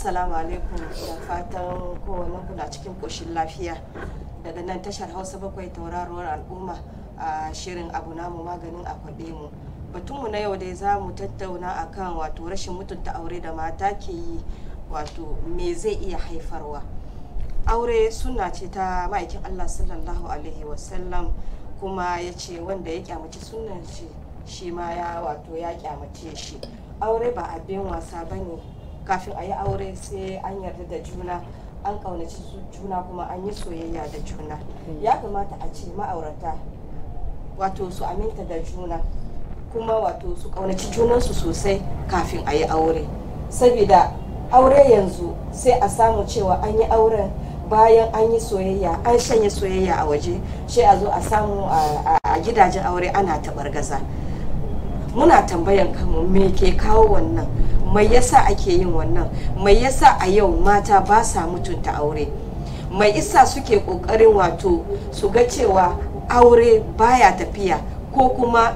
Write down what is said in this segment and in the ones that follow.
Assalamu alaikum da fatan kowane kula cikin koshin lafiya daga nan tashar Hausa bakwai tauraruwar al'umma a shirin abu namu maganin a kwaɓe mu. Batunmu na yau dai za mu tattauna akan wato rashin mutunta aure da mata ke yi wato me zai iya haifarwa. Aure suna ce ta ma'aikin Allah sallallahu alaihi wasallam kuma ya ce wanda ya kyamaci sunan shi shi ma ya wato ya kyamace shi. Aure ba abin wasa bane kafin a yi aure sai an yarda da juna an kaunaci juna kuma an yi soyayya da juna ya kamata a ce ma'aurata wato su aminta da juna kuma wato su kaunaci junansu sosai kafin a yi aure saboda aure yanzu sai a samu cewa an yi auren bayan an yi soyayya an shanye soyayya a waje sai a zo a samu a gidajen aure ana taɓar gaza muna tambayan kanmu me ke kawo wannan mai yasa ake yin wannan mai yasa a yau mata ba sa mutunta aure mai isa suke kokarin wato su ga cewa aure baya tafiya ko kuma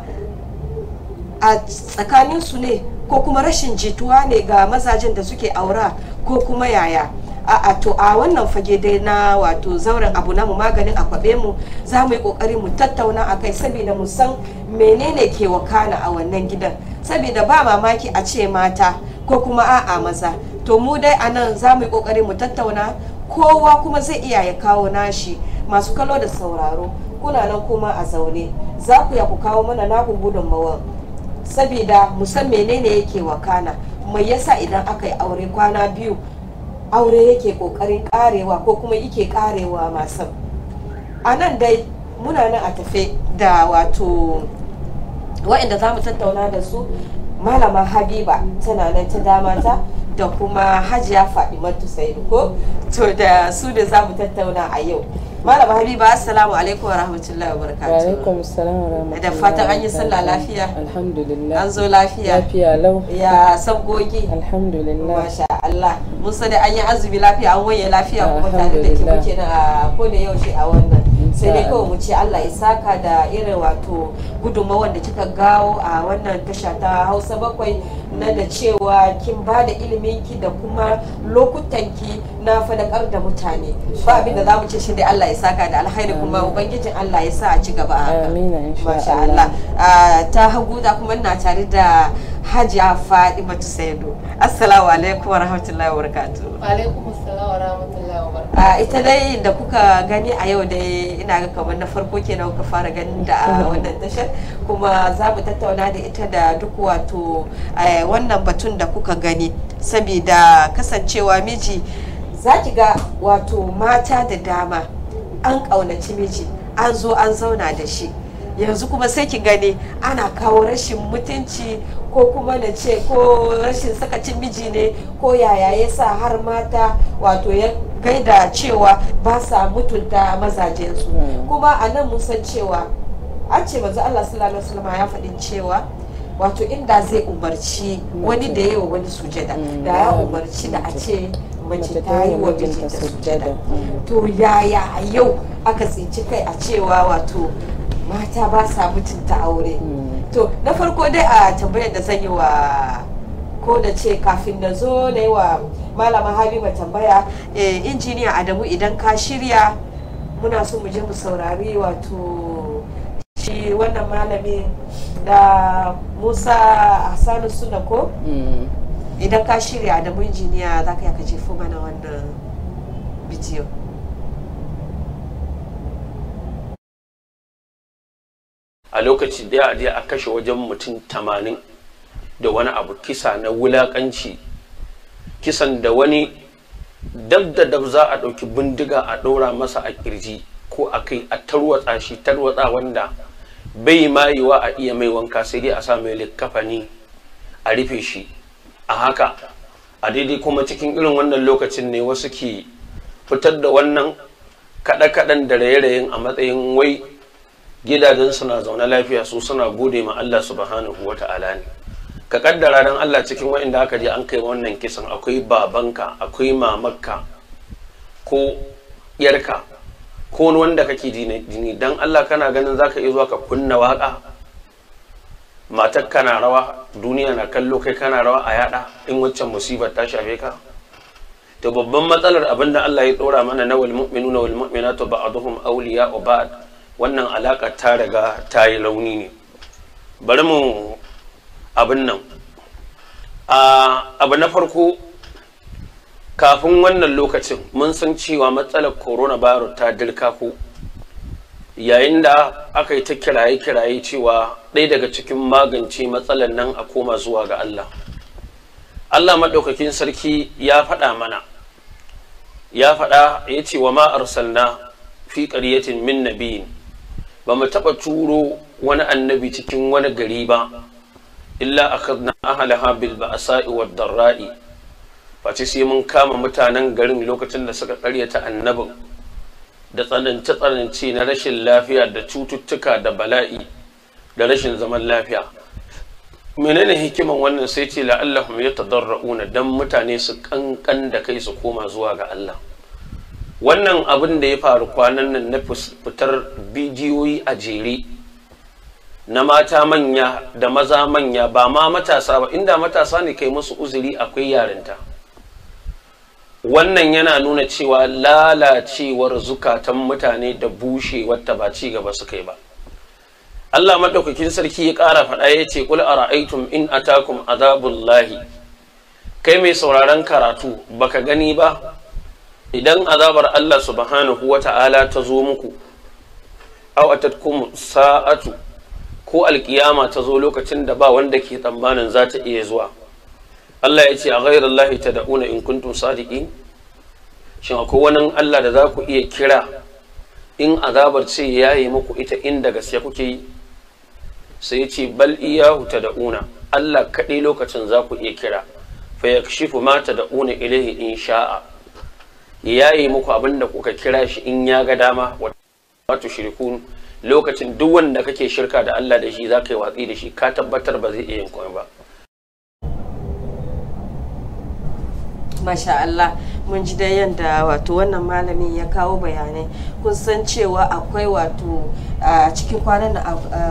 a tsakaninsu ne ko kuma rashin jituwa ne ga mazajen da suke aura ko kuma yaya a'a to a wannan fage dai na wato zauren abu na mu maganin a mu za mu yi kokari mu tattauna akai saboda mu san menene ke wakana a wannan gidan saboda ba mamaki a ce mata ko kuma a'a maza to mu dai a nan za mu yi kokari mu tattauna kowa kuma zai iya ya kawo nashi masu kallo da sauraro kuna nan kuma a zaune za ku ya ku kawo mana na naku gudunmawa saboda mu san menene yake wakana mai yasa idan aka yi aure kwana biyu aure yake kokarin karewa ko kuma yake karewa masu a nan dai muna nan a tafe da wato wa'inda za mu tattauna da su malama habiba tana nan ta dama ta da kuma hajiya fadimatu saidu ko to da su da za mu tattauna a yau malama habiba assalamu alaikum wa rahmatullahi wa barakatuhu alaikum assalam wa rahmatullahi da fatan an yi sallah lafiya alhamdulillah an zo lafiya lafiya lau ya sabgogi alhamdulillah masha Allah mun sani an yi azumi lafiya an waye lafiya kuma tare da ki muke na ko da yaushe a wannan sai dai kawai mu ce Allah ya saka da irin wato gudunmawar da kika gawo a wannan tasha ta Hausa bakwai na da cewa kin ba da ilimin ki da kuma lokutan ki na fadakar da mutane ba abin da za mu ce shi dai Allah ya saka da alhairi kuma ubangijin Allah ya sa a ci gaba a haka masha Allah ta hagu da kuma na tare da hajiya fatima tusaido assalamu alaikum wa rahmatullahi wa barakatuhu wa alaikum assalamu wa rahmatullahi wa barakatuhu ah, ita dai da kuka gani a yau dai ina ga kamar na farko kenan kuka fara ganin da a wannan tashar kuma za mu tattauna da ita da duk wato eh, wannan batun da kuka gani saboda kasancewa miji za ki ga wato mata da dama an ƙaunaci miji an zo an zauna da shi yanzu kuma sai ki gani ana kawo rashin mutunci ko kuma na ce ko rashin sakacin miji ne ko yaya ya sa har mata wato ya gaida cewa ba sa mutunta mazajensu hmm. kuma a nan mun san cewa an ce manzo Allah sallallahu alaihi wasallam ya faɗin cewa wato inda zai umarci wani da yawa wani sujada hmm. da ya umarci da a ce mace ta yi wa mijinta sujada hmm. to yaya yau aka tsinci kai a cewa wato mata ba sa mutunta aure hmm. to na farko dai a tambayar da zan yi wa ko da ce kafin na zo na yi wa malama habiba tambaya eh, injiniya adamu idan ka shirya muna so mu je mu saurari wato shi wannan malamin da musa hassanu suna ko hmm. idan ka shirya adamu injiniya za ka yaka jefo mana wannan bidiyo a lokaci daya a a kashe wajen mutum tamanin da wani abu kisa na wulakanci kisan da wani dab da dab za a ɗauki bindiga a ɗora masa a kirji ko a kai a tarwatsa shi tarwatsa wanda bai mayewa a iya mai wanka sai dai a sa mai likkafani a rufe shi a haka a daidai kuma cikin irin wannan lokacin ne wasu ke fitar da wannan kaɗe-kaɗen da raye-rayen a matsayin wai gidajen suna zaune lafiya su suna gode ma Allah subhanahu wa ta'ala ne ka kaddara dan Allah cikin wa'inda aka je an kai wannan kisan akwai babanka akwai mamakka ko yarka ko wanda kake jini dan Allah kana ganin zaka iya zuwa ka kunna waka matar na rawa duniya na kallo kai kana rawa a yada in waccan musibar ta shafe ka to babban matsalar abinda Allah ya dora mana na wal mu'minuna wal mu'minatu awliya'u ba'd wannan alaƙa ta riga ta yi launi ne bari mu abin nan abu na farko kafin wannan lokacin mun san cewa matsalar coronavirus ta dirkako yayin da aka yi ta kiraye-kiraye cewa ɗaya daga cikin magance matsalar nan a koma zuwa ga Allah Allah maɗaukakin sarki ya faɗa mana ya faɗa ya ce wa ma na fi ƙaryatin min nabiyin ba mu taɓa turo wani annabi cikin wani gari ba illa a kan ahalaha bil a wa darra'i face sai mun kama mutanen garin lokacin da suka karyata annabin da tsananci tsananci na rashin lafiya da cututtuka da bala'i da rashin zaman lafiya menene hikiman wannan sai ce la'allahum yatadarrauna dan mutane su kankan da kai su koma zuwa ga Allah wannan abin da ya faru kwanan nan na fitar bidiyoyi a jere na mata manya da maza manya ba ma matasa ba inda matasa ne kai musu uzuri akwai yarinta wannan yana nuna cewa lalacewar zukatan mutane da bushe wata ba ci gaba suka yi ba Allah maɗaukakin sarki ya ƙara faɗa ya ce kul ara'aytum in atakum azabullahi kai mai sauraron karatu baka gani ba idan azabar Allah subhanahu wa ta'ala ta zo muku aw atatkum sa'atu ko alkiyama ta zo lokacin da ba wanda ke tsammanin za ta iya zuwa Allah ya ce a ghairar lahi ta da'una in kuntum sadiqin shin akwai wani Allah da za ku iya kira in azabar ce ya yi muku ita inda gaske kuke yi sai ya ce bal iyahu ta da'una Allah kaɗai lokacin za ku iya kira fa yakshifu ma ta da'una ilaihi in sha'a ya yi muku abin da kuka kira shi in ya ga dama wato shirkun lokacin duk wanda kake shirka da Allah da shi za ka yi watsi da shi ka tabbatar ba zai iya yin komai ba masha Allah mun ji da yadda wato wannan malamin ya kawo bayanai kun san cewa akwai wato a cikin kwanan nan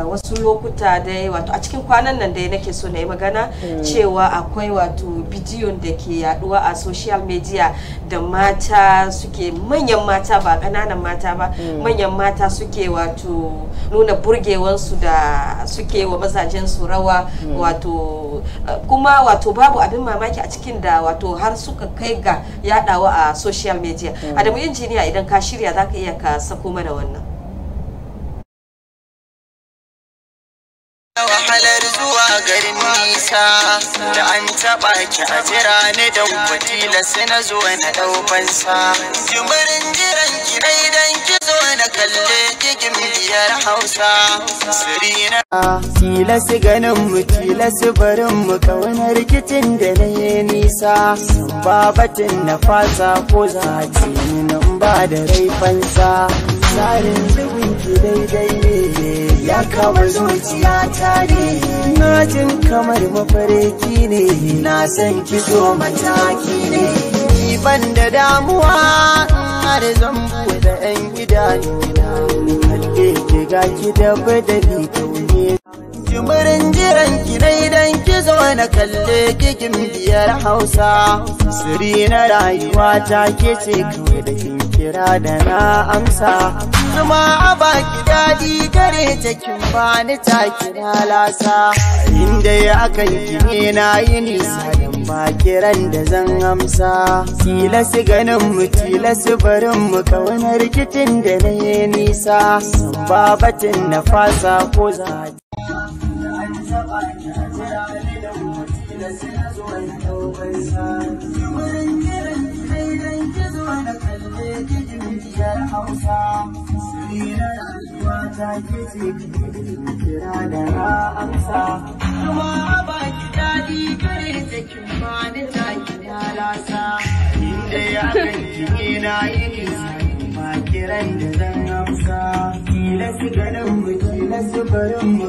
wasu lokuta dai wato a cikin kwanan nan dai nake so na yi magana hmm. cewa akwai wato bidiyon da ke yaduwa a social media da mata suke manyan mata ba kananan mata ba hmm. manyan mata suke wato nuna burgewansu da suke wa mazajen su rawa hmm. wato kuma wato babu abin mamaki a cikin da wato har suka kai ga yadawa a social media adamu injiniya idan ka shirya zaka iya ka sako mana wannan wahalar zuwa garin nisa da an taɓa ki a jira ni da wakila sai na zo na ɗau jimirin jiran ki na ki zo na kalle kikin biyar hausa sirina kila su ganin mu kila su barin mu kauna rikicin da na yi nisa babatin na fasa ko za a ce ni na ba da rai fansa tsarin zubin ki daidai ne ya kamar zuciya ta ne na jin kamar mafariki ne na san ki zo mataki ne Ni ban da damuwa har zan buɗe yan idanuna halle ki ga ki da badali kaune jimirin jiran ki daidan ki zo na kalle kikin biyar hausa siri na rayuwa ta ke ce kawai da ke kira da na amsa zuma a baki daɗi gare ta kin bani ta kira lasa inda ya akan kine na yi nisa don ba kiran da zan amsa tila su ganin mu tila su barin mu da na yi nisa ba batin na fasa ko za hausa sirar rayuwa ta ke ce kira da na amsa kuma ba ki daɗi kare da kin ma ni ta ki na inda ya kan ki na yi nisa ma kiran da zan amsa kila su ganin mu kila su barin mu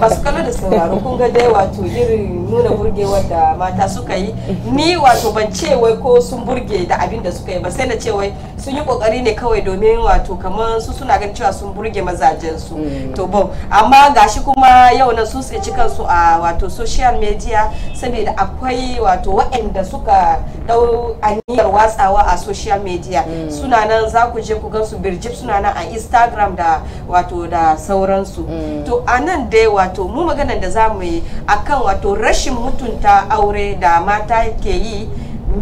masu kalo da sauraro kun ga dai wato irin nuna burgewar da mata suka yi ni wato ban ce wai ko sun burge da abin da suka yi ba sai na ce wai sun yi kokari ne kawai domin wato kamar su suna ganin cewa sun burge mazajen su mm. to bon amma gashi kuma yau na sun tsinci a wato social media saboda akwai wato waɗanda suka dau aniyar watsawa a social media mm. suna nan za ku je ku gan su birjib suna nan a instagram da wato da sauransu mm. to a nan nan dai wato mu maganan da za mu yi akan wato rashin mutunta aure da mata ke yi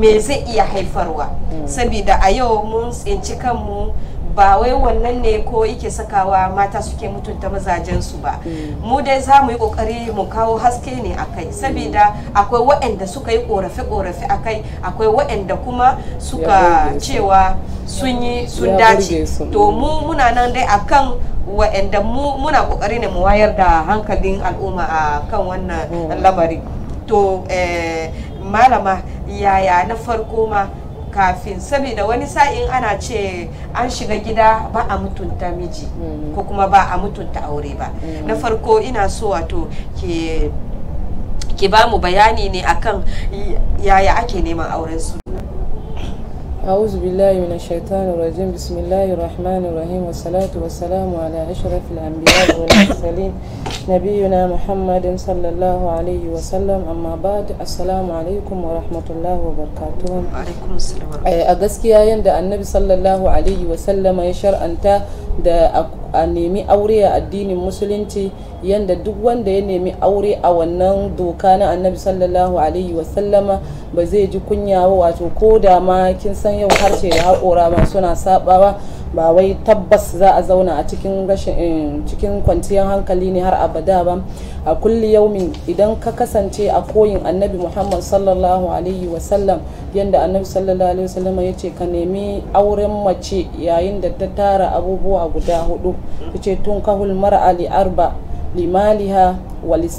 me zai iya haifarwa mm. sabida saboda a yau mun tsinci kanmu ba wai wannan ne ko yake sakawa mata suke mutunta mazajensu ba mm. mu dai za mu yi kokari mu kawo haske ne a kai saboda akwai waɗanda suka yi korafe-korafe a kai akwai waɗanda kuma suka cewa sun yi sun dace to mu muna nan dai akan waɗanda muna kokari ne mu wayar da hankalin al'umma a kan wannan mm. lamari to eh, malama yaya na farko ma kafin saboda wani sa'in ana ce an shiga gida ba a mutunta miji mm. ko kuma ba a mutunta aure ba mm. na farko ina so wato ke ki ba mu bayani ne akan yaya ake neman auren su أعوذ بالله من الشيطان الرجيم بسم الله الرحمن الرحيم والصلاة والسلام على أشرف الأنبياء والمرسلين نبينا محمد صلى الله عليه وسلم أما بعد السلام عليكم ورحمة الله وبركاته وعليكم السلام ورحمة الله أغسكي يند النبي صلى الله عليه وسلم يشرع أنت da a nemi aure a addinin musulunci yadda duk wanda ya nemi aure a wannan doka na annabi sallallahu alaihi wasallama ba zai ji kunya wato ko da ma kin san yau harshe da haƙora ma suna sabawa ba wai tabbas za a zauna a cikin eh, cikin kwanciyar hankali ne har abada ba a kulli yaumin idan ka kasance a koyin annabi muhammad sallallahu alaihi wasallam yadda annabi sallallahu alaihi wasallam ya ce ka nemi auren mace yayin da ta tara abubuwa guda hudu ta ce tun kahul mar'a ali arba limaliha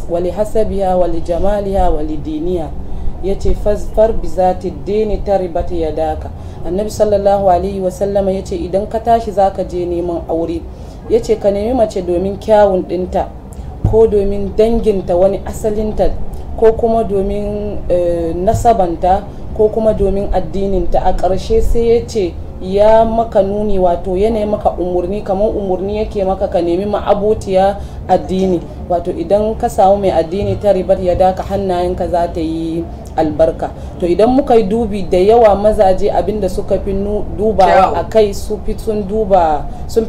wali hasabiya wali jamaliha wali diniya ya ce farbi za ta daini ta ribata ya daka annabi sallallahu alaihi wasallama ya ce idan ka tashi za ka je neman aure ya ce ka nemi mace domin kyawun ɗinta ko domin danginta wani asalinta ko kuma domin eh, nasabanta ko kuma domin addininta a ƙarshe sai ya ce ya maka nuni wato yanayi maka umurni kamar umurni yake maka ka nemi ma'abotiya addini wato idan ka samu mai addini ta ribar ya daka hannayenka za ta yi albarka to idan muka yi dubi da yawa mazaje abinda suka fi duba a kai sun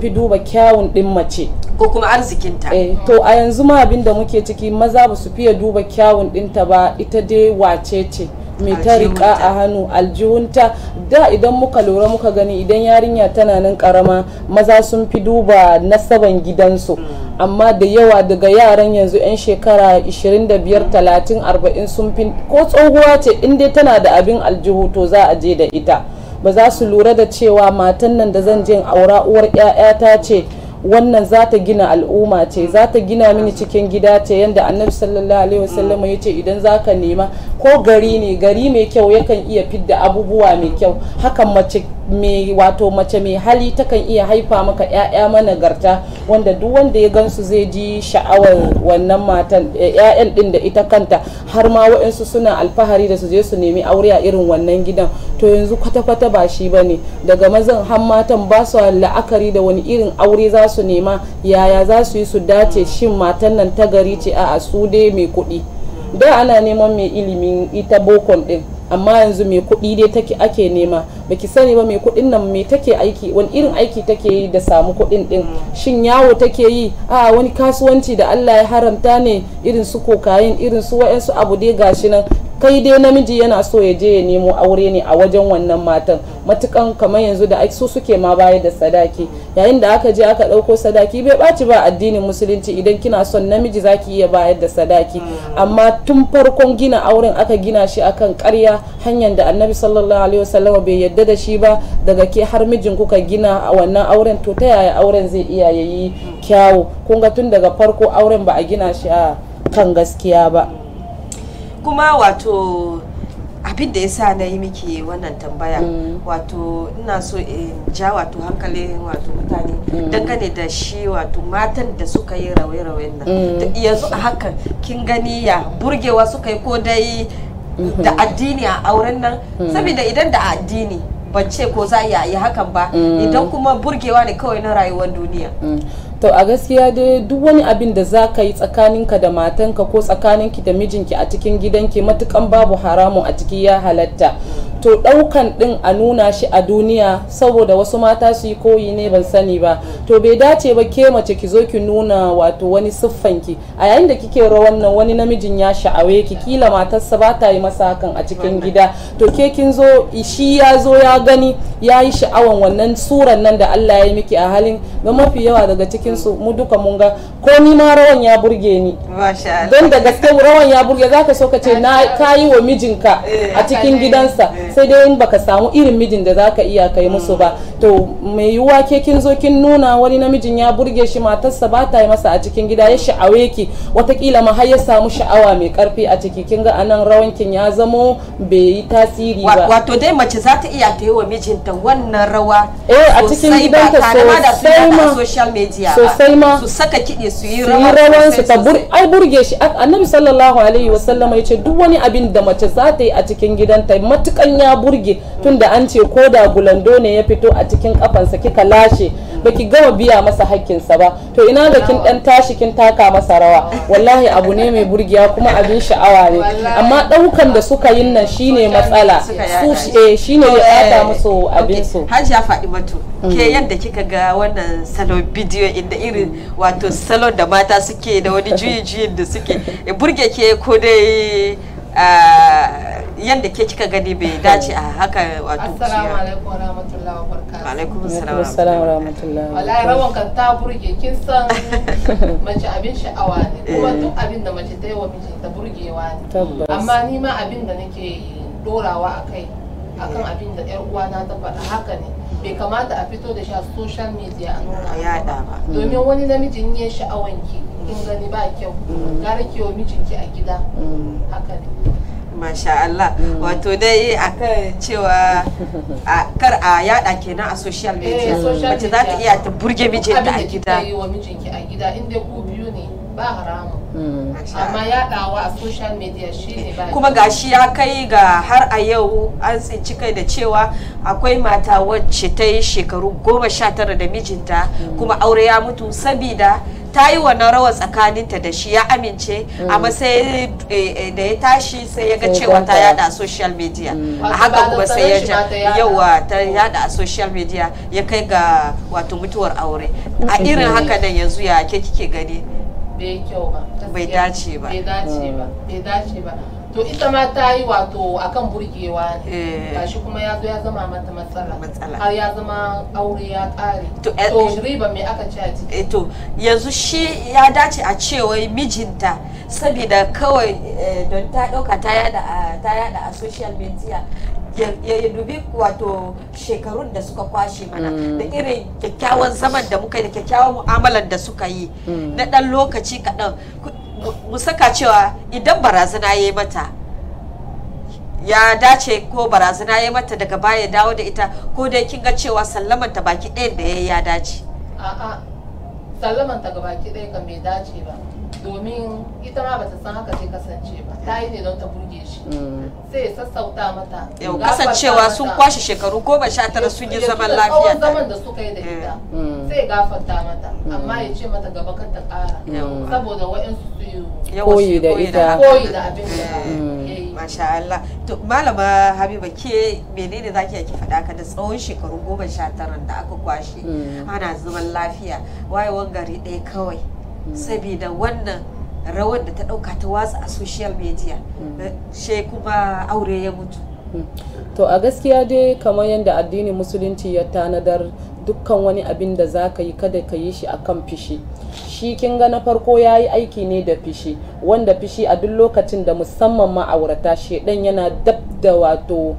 fi duba kyawun din mace ko kuma arzikinta eh, to a yanzu ma abinda muke ciki maza ba su fiye duba kyawun dinta ba ita dai wace ce mai ta riƙa a hannu aljihunta da idan muka lura muka gani idan yarinya tana nan karama maza sun fi duba nasaban gidansu mm. amma da yawa daga yaran yanzu 'yan shekara 25 30 40 sun fi ko tsohuwa ce inda tana da abin aljihu to za a je da ita ba za su lura da cewa matan nan da zan je aura uwar yaya ta ce wannan za ta gina al'umma ce za ta gina mini cikin gida ce yadda annabi sallallahu alaihi wasallam ya ce idan za ka nema ko gari ne gari mai kyau yakan iya fidda abubuwa mai kyau hakan mace mai wato mace mai hali takan iya haifa maka 'ya'ya managarta wanda duk wanda ya gansu zai ji sha'awar wannan matan 'ya'yan eh, din da ita kanta har ma waɗansu suna alfahari da su je su nemi aure a irin wannan gidan to yanzu kwata-kwata ba shi ba ne daga mazan har matan ba su la'akari da wani irin aure za su nema yaya za su yi su dace shin matan nan ta gari ce a'a su dai mai kuɗi da ana neman mai ilimin ita bokon din amma yanzu mai kuɗi dai take ake nema baki sani ba mai kuɗin nan mai take aiki wani irin aiki take yi da samu kuɗin din shin yawo take yi a wani kasuwanci da Allah ya haramta ne irin su kokayin irin su wa'yansu abu dai gashi nan kai dai namiji yana so ya je ya nemo aure ne a wajen wannan matan matukan kamar yanzu da su suke ma bayar da sadaki yayin da aka je aka ɗauko sadaki bai baci ba addinin musulunci idan kina son namiji zaki iya bayar da sadaki mm. amma tun farkon gina auren aka gina shi akan karya hanyar da annabi sallallahu alaihi wasallam bai yadda da shi ba daga ke har mijin kuka gina a wannan auren to ta yaya auren zai iya yayi mm. kyawu kun ga tun daga farko auren ba a gina shi a kan gaskiya ba kuma wato abin da ya sa na yi miki wannan tambaya mm. wato ina so in ja wato hankalin wato mutane mm. dangane da shi wato matan da suka yi rawaye-rawayen nan mm. yanzu a haka kin gani ya burgewa suka yi ko dai mm-hmm. da addini a auren nan saboda idan da addini bace ce ko za a yi hakan ba idan kuma burgewa ne kawai na rayuwar duniya to a gaskiya dai duk wani abin da za ka yi tsakaninka da matanka ko tsakaninki da mijinki a cikin gidanki matukan babu haramun a ciki ya halatta to ɗaukan ɗin a nuna shi a duniya saboda wasu mata su yi koyi ne ban sani ba to bai dace ba ke mace ki zo ki nuna wato wani siffan ki a yayin da kike rawan nan wani namijin ya sha'awe ki kila matarsa ba ta yi masa hakan a cikin gida to ke kin zo shi ya zo ya gani ya yi sha'awan wannan suran nan da Allah ya yi miki a halin ga mafi yawa daga cikin su mu duka mun ga ko ni ma rawan ya burge ni don da gaske rawan ya burge zaka so ka ce na kayi wa mijinka a eh, cikin gidansa eh. sai dai in baka samu irin mijin da zaka iya kai musu ba to mai yiwuwa ke kin zo kin nuna wani namijin ya burge shi matarsa ba ta yi masa a cikin gida ya sha'awe ki watakila ma har ya samu sha'awa mai karfi a ciki kin ga anan rawankin ya zamo bai yi tasiri ba wato dai mace za ta iya ta yi wa mijinta wannan rawa eh a cikin gidan ta sosai ma social media sosai ma su saka kiɗe su yi rawan su ta ai burge shi annabi sallallahu alaihi wasallam ya ce duk wani abin da mace za ta yi a cikin gidan ta matukan ya burge tunda an ce ko da gulando ne ya fito a cikin kafansa kika lashe baki gama biya masa hakkinsa ba to ina da kin dan tashi kin taka masa rawa wallahi abu ne mai burgiya kuma abin sha'awa ne amma daukan da suka yin nan shine matsala su eh shine ya bata eh. musu abin su hajiya fadimatu ke mm. yadda kika ga wannan salon bidiyo inda irin wato salon da mata suke da wani juyin juyin da suke burge ke ko dai ah, yadda ke kika gani bai dace a haka wato assalamu alaikum wa rahmatullahi wa barakatuhu alaikum assalam wa rahmatullahi wa wallahi rawan ka ta burge kin san mace abin sha'awa ne kuma eh. duk abin da mace ta yi wa miji ta burgewa ne amma ni ma abin da nake dorawa a kai akan eh. abin da yar uwana ta faɗa haka ne bai kamata a fito da shi a social media a nuna ba domin mm. wani namijin ya sha'awanki kin mm. gani ba kyau mm. gara ki wa mijinki a gida haka ne Masha Allah mm. wato dai akan cewa kar a yada kenan a social media eh, mace za ta iya ta burge mijinta a gida. Abin da wa mijinki a gida inda ku biyu ne ba haramun. Mm. amma yaɗawa a social media shi ne ba kuma gashi ya kai ga har a yau an tsinci kai da cewa akwai mata wacce ta yi shekaru goma sha tara da mijinta mm. kuma aure ya mutu sabida ta yi wannan rawa tsakaninta da shi ya amince mm. amma sai eh, eh, da ya tashi sai ya ga cewa ta yada a social media mm. a haka kuma sai ya yawa ta yada a social media ya kai ga wato mutuwar aure a mm. irin haka nan yanzu ya ke kike gani bai kyau ba bai dace ba bai dace ba bai dace ba to ita ma ta yi wato akan burgewa ne eh. gashi kuma ya zo ya zama mata matsala har ya zama aure ya kare to eh, eh. riba mai aka ci a to yanzu shi ya dace a cewa mijinta saboda kawai don ta dauka ta yada a social media ya dubi wato shekarun da suka kwashe mana mm. da irin kyakkyawan zaman da muka yi da kyakkyawan mu'amalar da suka yi mm. na dan lokaci kaɗan musaka cewa idan barazana ya yi mata ya dace ko barazana ya mata daga baya dawo da ita ko dai kin ga cewa sallaman ta baki ɗaya da ya ya dace a'a sallaman ta ga baki ɗaya kan bai dace ba domin ita ma bata san haka zai kasance ba ta yi ne don ta burge shi mm. sai sassauta mata yau kasancewa sun kwashe shekaru goma sha tara sun yi zaman lafiya zaman da suka yi da ita mm. sai gafarta mata mm. amma ya ce mata gaba kan ta kara saboda wa'insu su yi koyi da ita koyi da abin da eh, masha Allah to malama Habiba ke menene zaki ki faɗa ka da tsawon shekaru goma sha tara da aka kwashe ana zaman lafiya wayewan gari ɗaya kawai saboda wannan rawar da ta ɗauka ta watsa a social media mm. eh, shi kuma aure ya mutu mm. to a gaskiya dai kamar yadda addinin musulunci ya tanadar dukkan wani abin da za ka yi kada ka yi shi akan fishi shi kin ga na farko yayi aiki ne da fishi wanda fishi a duk lokacin da musamman ma'aurata shedan yana dab da wato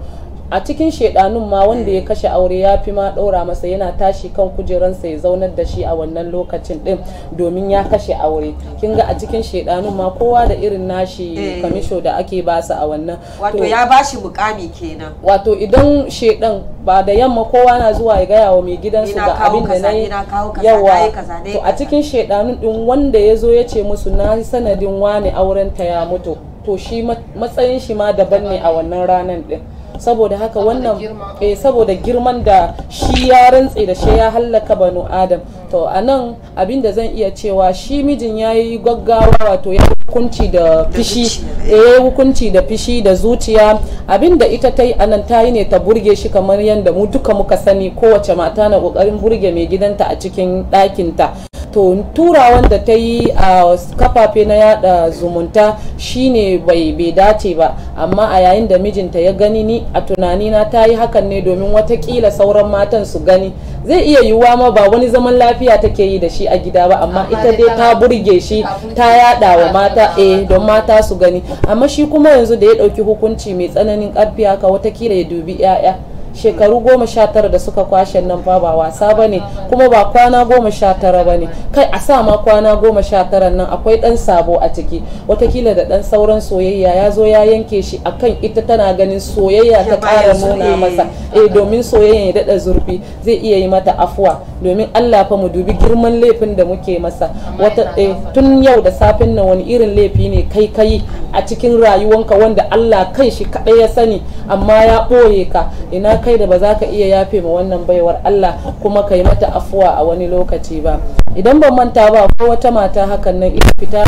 a cikin shedanun ma wanda ya eh. kashe aure ya fi ma ɗora masa yana tashi kan kujeransa ya zaunar da shi a wannan lokacin din domin ya kashe aure kin ga a cikin shedanun ma kowa da irin nashi kamisho eh. da ake basa a wannan wato ya bashi mukami kenan wato idan shedan ba da yamma kowa na zuwa ya gaya wa mai gidansu ga abin da na yawa to a cikin shedanun din wanda ya zo ya ce musu na sanadin wane auren ta ya mutu to shi matsayin shi ma daban ne a wannan ranan din saboda haka wannan eh saboda girman da shi ya rantse da shi ya hallaka banu adam to anan abin da zan iya cewa shi mijin ya yi gaggawa wato ya hukunci da fishi eh hukunci da fishi da zuciya abin da ita ta yi anan ta yi ne ta burge shi kamar yadda mu duka muka sani kowace mata na kokarin burge mai gidanta a cikin ɗakinta to tura wanda ta yi a kafafe na yada zumunta shine bai bai dace ba amma a yayin da mijinta ya gani ni a tunani na ta yi hakan ne domin watakila sauran matan su gani zai iya yiwuwa ma ba wani zaman lafiya take yi da shi a gida ba amma ita dai ta burge shi ta yada wa mata eh don mata su gani amma shi kuma yanzu da ya dauki hukunci mai tsananin karfi haka watakila ya dubi 'ya'ya shekaru goma sha tara da suka kwashe nan fa ba wasa ba ne kuma ba kwana goma sha tara ba ne kai a sa ma kwana goma sha tara nan akwai dan sabo a ciki watakila da dan sauran soyayya ya zo ya yanke shi akan ita tana ganin soyayya ta kara nuna masa e domin soyayya ya dada zurfi zai iya yi mata afuwa domin Allah fa mu dubi girman laifin da muke masa wata eh, tun yau da safin nan wani irin laifi ne kai kai a cikin rayuwanka wanda Allah kan shi kaɗai ya sani amma ya ɓoye ka ina kai da ba za ka iya yafe ma wannan baiwar Allah kuma ka yi mata afuwa a wani lokaci ba idan ban manta ba ko wata mata hakan nan ita fita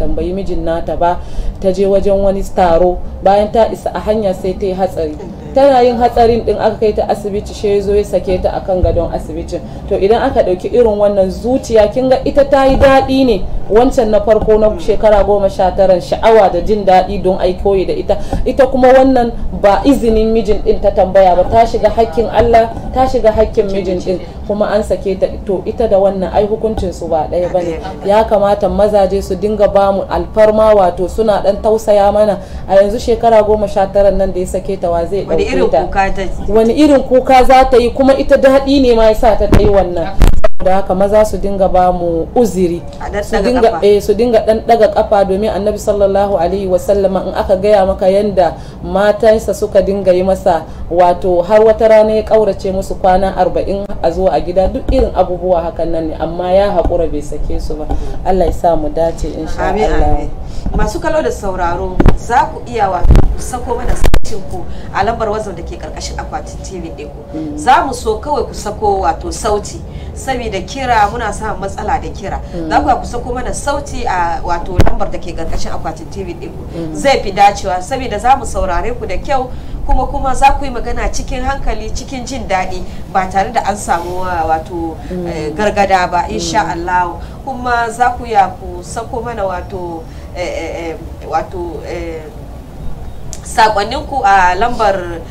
tambayi mijin nata ba ta je wajen wani taro bayan ta isa a hanya sai ta yi hatsari tana yin hatsarin din aka kai ta asibiti shi zo ya sake ta a kan gadon asibitin to idan aka ɗauki irin wannan zuciya kin ga ita ta yi daɗi ne wancan na farko na shekara goma sha tara sha'awa da jin daɗi don ai koyi da ita ita kuma wannan ba izinin mijin din ta tambaya ba ta shiga hakkin Allah ta shiga hakkin mijin din kuma an sake ta to ita da wannan ai hukuncin su ba ɗaya bane ya kamata mazaje su dinga bamu alfarma wato suna dan tausaya mana a yanzu shekara goma sha tara nan da ya sake ta wa zai wani irin kuka za ta yi kuma ita daɗi ne ma yasa ta yi wannan da haka maza su dinga ba mu uziri eh, su dinga dan daga kafa domin annabi sallallahu alaihi wasallama in aka gaya maka yanda matansa suka dinga yi masa wato har wata rana ya kaurace musu kwana arba'in a zuwa a gida duk irin abubuwa hakan nan ne amma ya haƙura bai sake su ba allah ya sa mu dace insha allah masu kalo da sauraro za ku iya wato sako mana sashin ku a lambar wazo da ke karkashin akwatin tv din ku mm. za mu so kawai ku sako wato sauti saboda kira muna samun matsala da kira mm. za ku ku sako mana sauti a wato lambar da ke karkashin akwatin tv din ku mm. zai fi dacewa saboda za mu saurare ku da kyau kuma kuma za ku yi magana cikin hankali cikin jin daɗi ba tare da an samu ah, wato eh, gargada ba insha Allah kuma za ku ya ku sako mana wato Eh, eh, eh, wato sakonninku a lambar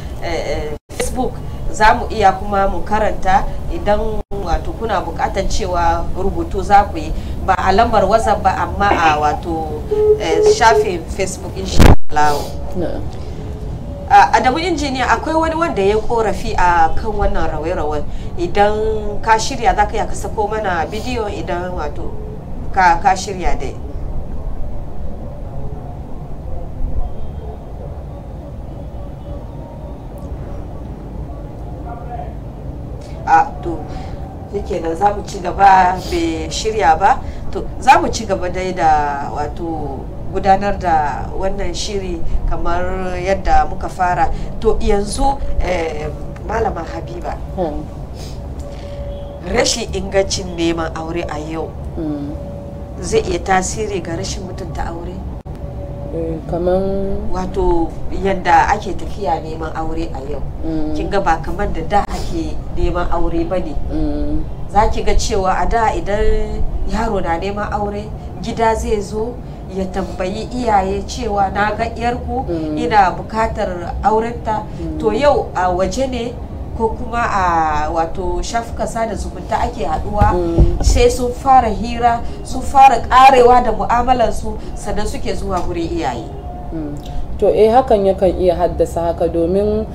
facebook za mu iya kuma mu karanta idan wato kuna bukatan cewa rubutu za ku yi ba a lambar whatsapp ba amma a wato shafin facebook insha adamu injiniya akwai wani wanda ya korafi a kan wannan rawai-rawai idan ka shirya za ka iya ka sako mana bidiyo idan wato ka shirya dai yake nan za mu ci gaba bai shirya ba to za mu ci gaba dai da wato gudanar da wannan shiri kamar yadda muka fara to yanzu eh, malaman habiba hmm. rashin ingancin neman aure a yau hmm. zai iya tasiri ga rashin mutunta aure eh, kamar wato yadda ake tafiya neman aure a yau hmm. kin ga ba kamar da da ke neman aure ba ne mm. za ki ga cewa a da idan yaro na neman aure gida zai zo ya tambayi iyaye cewa na ga yarku mm. ina bukatar aurenta mm. to yau a waje ne ko kuma a wato shafuka sada zumunta ake haduwa sai sun fara hira sun fara karewa da mu'amalarsu sannan suke zuwa wurin iyaye to eh hakan yakan iya haddasa haka domin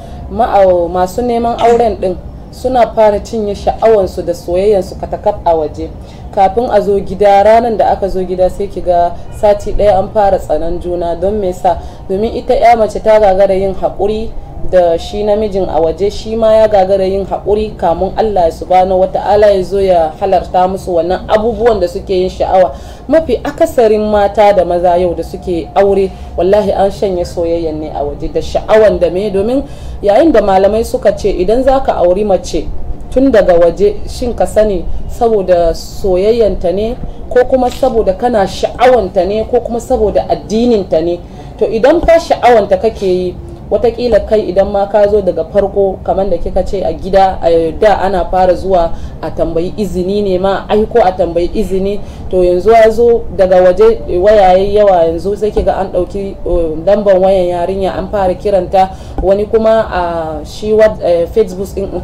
masu neman auren din suna fara cinye sha'awansu da soyayyansu katakaf a waje kafin a zo gida ranar da aka zo gida sai ki ga sati ɗaya an fara tsanan juna don me sa domin ita ya mace ta gagara yin haƙuri da shi namijin a waje shi ma ya gagara yin haƙuri kamun Allah ya wata wata'ala ya zo ya halarta musu wannan abubuwan da suke yin sha'awa mafi akasarin mata da maza yau da suke aure wallahi an shanye soyayyan ne a waje da sha'awan da me domin yayin da malamai suka ce idan zaka auri mace tun daga waje shin ka sani saboda soyayyanta ne ko kuma saboda kana sha'awanta ne ko kuma saboda addininta ne to idan ka sha'awanta kake yi watakila kai idan ma ka zo daga farko kamar da kika ce a gida a da ana fara zuwa a tambayi izini ne ma aiko a tambayi izini to yanzu ya zo daga waje waya yayi yawa yanzu sai kiga an ɗauki eh, lambar wayan yarinya an fara kiranta wani kuma a shi eh,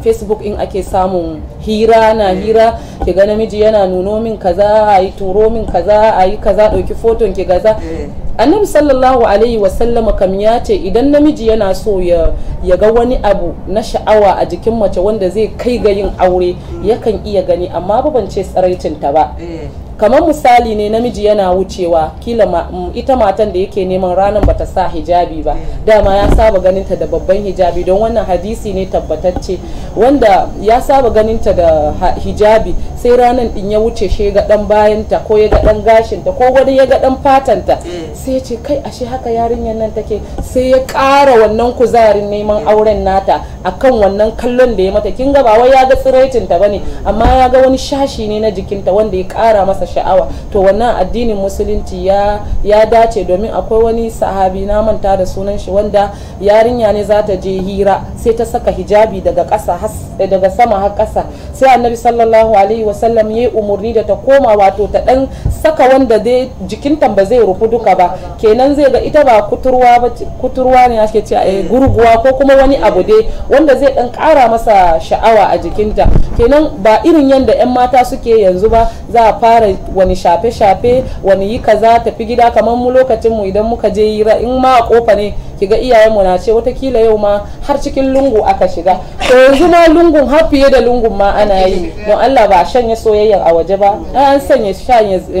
facebook in ake samun hira na hira ki ga namiji yana nuno min kaza a yi turo min kaza a yi kaza ɗauki foton ki gaza eh. annabi sallallahu alaihi sallama kam ya ce idan namiji yana so ya ga wani abu na sha'awa a jikin mace wanda zai kai ga yin aure mm. yakan iya gani amma ba ban ce tsaraicinta ba eh. kamar misali ne namiji yana wucewa kila ma, m, mm, ita matan da yake neman ranar bata sa hijabi ba dama ya saba ganinta da babban hijabi don wannan hadisi ne tabbatacce wanda ya saba ganinta da hijabi sai ranar din ya wuce shi ga dan bayanta ko ya ga dan gashinta ko wani ya ga dan fatanta eh. sai ya ce kai ashe haka yarinyar nan take sai ya ƙara wannan kuzarin neman auren nata akan wannan kallon da ya mata kin ga ba wai ya ga tsiraitinta bane mm. amma ya ga wani shashi ne na jikinta wanda ya kara masa masa sha'awa to wannan addinin musulunci ya ya dace domin akwai wani sahabi na manta da sunan shi wanda yarinya ne za ta je hira sai ta saka hijabi daga ƙasa daga sama har ƙasa sai annabi sallallahu alaihi wasallam ya yi umarni da ta koma wato ta dan saka wanda dai jikinta ba zai rufu duka ba kenan zai ga ita ba kuturwa ba kuturwa ne ake ce a eh, gurguwa ko kuma wani abu dai wanda zai dan ƙara masa sha'awa a jikinta kenan ba irin yadda 'yan mata suke yanzu ba za a fara wani shafe-shafe wani yi kaza tafi gida kamar mu lokacin mu idan muka je yi in ma a kofa ne ki ga iyayen mu na ce watakila yau ma har cikin lungu aka shiga to yanzu ma lungun har fiye da lungun ma ana yi don Allah ba a shanye soyayyar a waje ba an sanya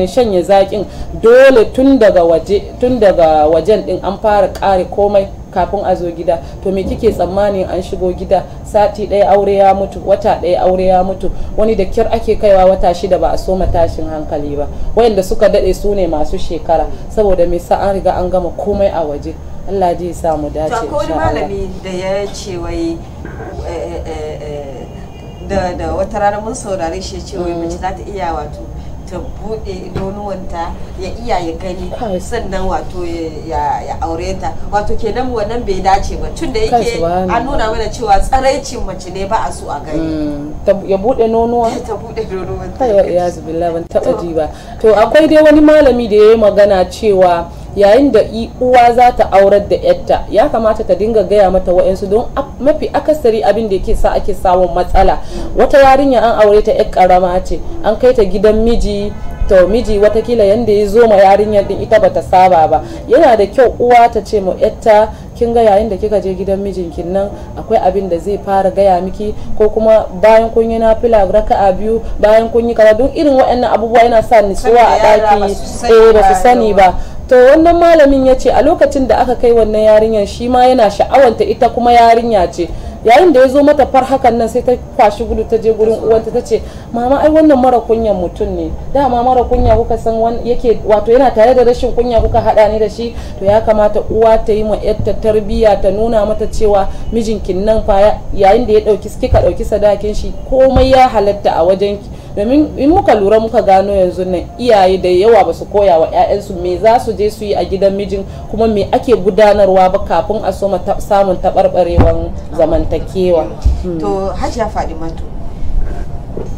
shanye zaƙin dole tun daga tun daga wajen din an fara kare komai kafin a zo gida to me kike tsammanin an shigo gida sati ɗaya aure ya mutu wata ɗaya aure ya mutu wani da kyar ake kaiwa wata shida ba a so tashin hankali ba wayanda suka daɗe su ne masu shekara saboda me sa an riga an gama komai a waje Allah ji sa mu dace to akwai malami da ya ce wai eh, eh, eh, da wata rana mun saurare shi ya ce wai mace za ta iya wato ta bude nonuwanta ya iya ya gani sannan wato ya aure ta wato kenan wannan bai dace ba tun da yake an nuna mana cewa tsaraicin mace ne ba a so a gani hmm. ya bude nonuwa ta bude nonuwa ya zubillah ban taba ji ba to akwai dai wani malami da ya yi magana cewa yayin da uwa za ta aurar da yarta ya kamata ta dinga gaya mata wa'yansu don mafi akasari abin da yake sa ake samun matsala wata yarinya an aure ta yar karama ce an kai ta gidan miji to miji watakila yadda ya zo ma yarinyar din ita bata saba ba yana da kyau uwa ta ce mu yarta kin ga yayin da kika je gidan mijinki nan akwai abin da zai fara gaya miki ko kuma bayan kun yi nafila raka'a biyu bayan kun yi kaza don irin waɗannan abubuwa yana sa nutsuwa a ɗaki eh ba su sani ba to wannan malamin ya ce a lokacin da aka kai wannan yarinyar shi ma yana sha'awanta ita kuma yarinya ce yayin da ya zo mata far hakan nan sai ta kwashi gudu ta je gurin uwanta ta ce mama ai wannan mara kunyan mutum ne dama mara kunya kuka san yake wato yana tare da rashin kunya kuka hada ne da shi to ya kamata uwa ta yi ma yarta tarbiyya ta nuna mata cewa mijinkin nan fa yayin da ya dauki kika dauki sadakin shi komai ya halatta a wajen domin in muka lura muka gano yanzu nan iyaye da yawa ba su koya wa 'ya'yansu me za su je su yi a gidan mijin kuma me ake gudanarwa ba kafin a soma samun taɓarɓarewan zamantakewa hmm. to hajiya fadimatu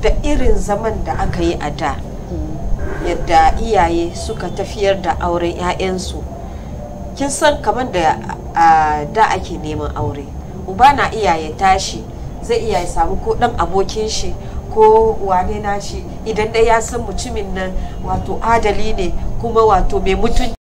da irin zaman da aka yi a da yadda iyaye suka tafiyar da auren 'ya'yansu kin san kamar da a da ake neman aure uba na iya tashi zai iya samu ko dan abokin shi ko wane shi idan dai ya san mutumin nan wato adali ne kuma wato mai mutunci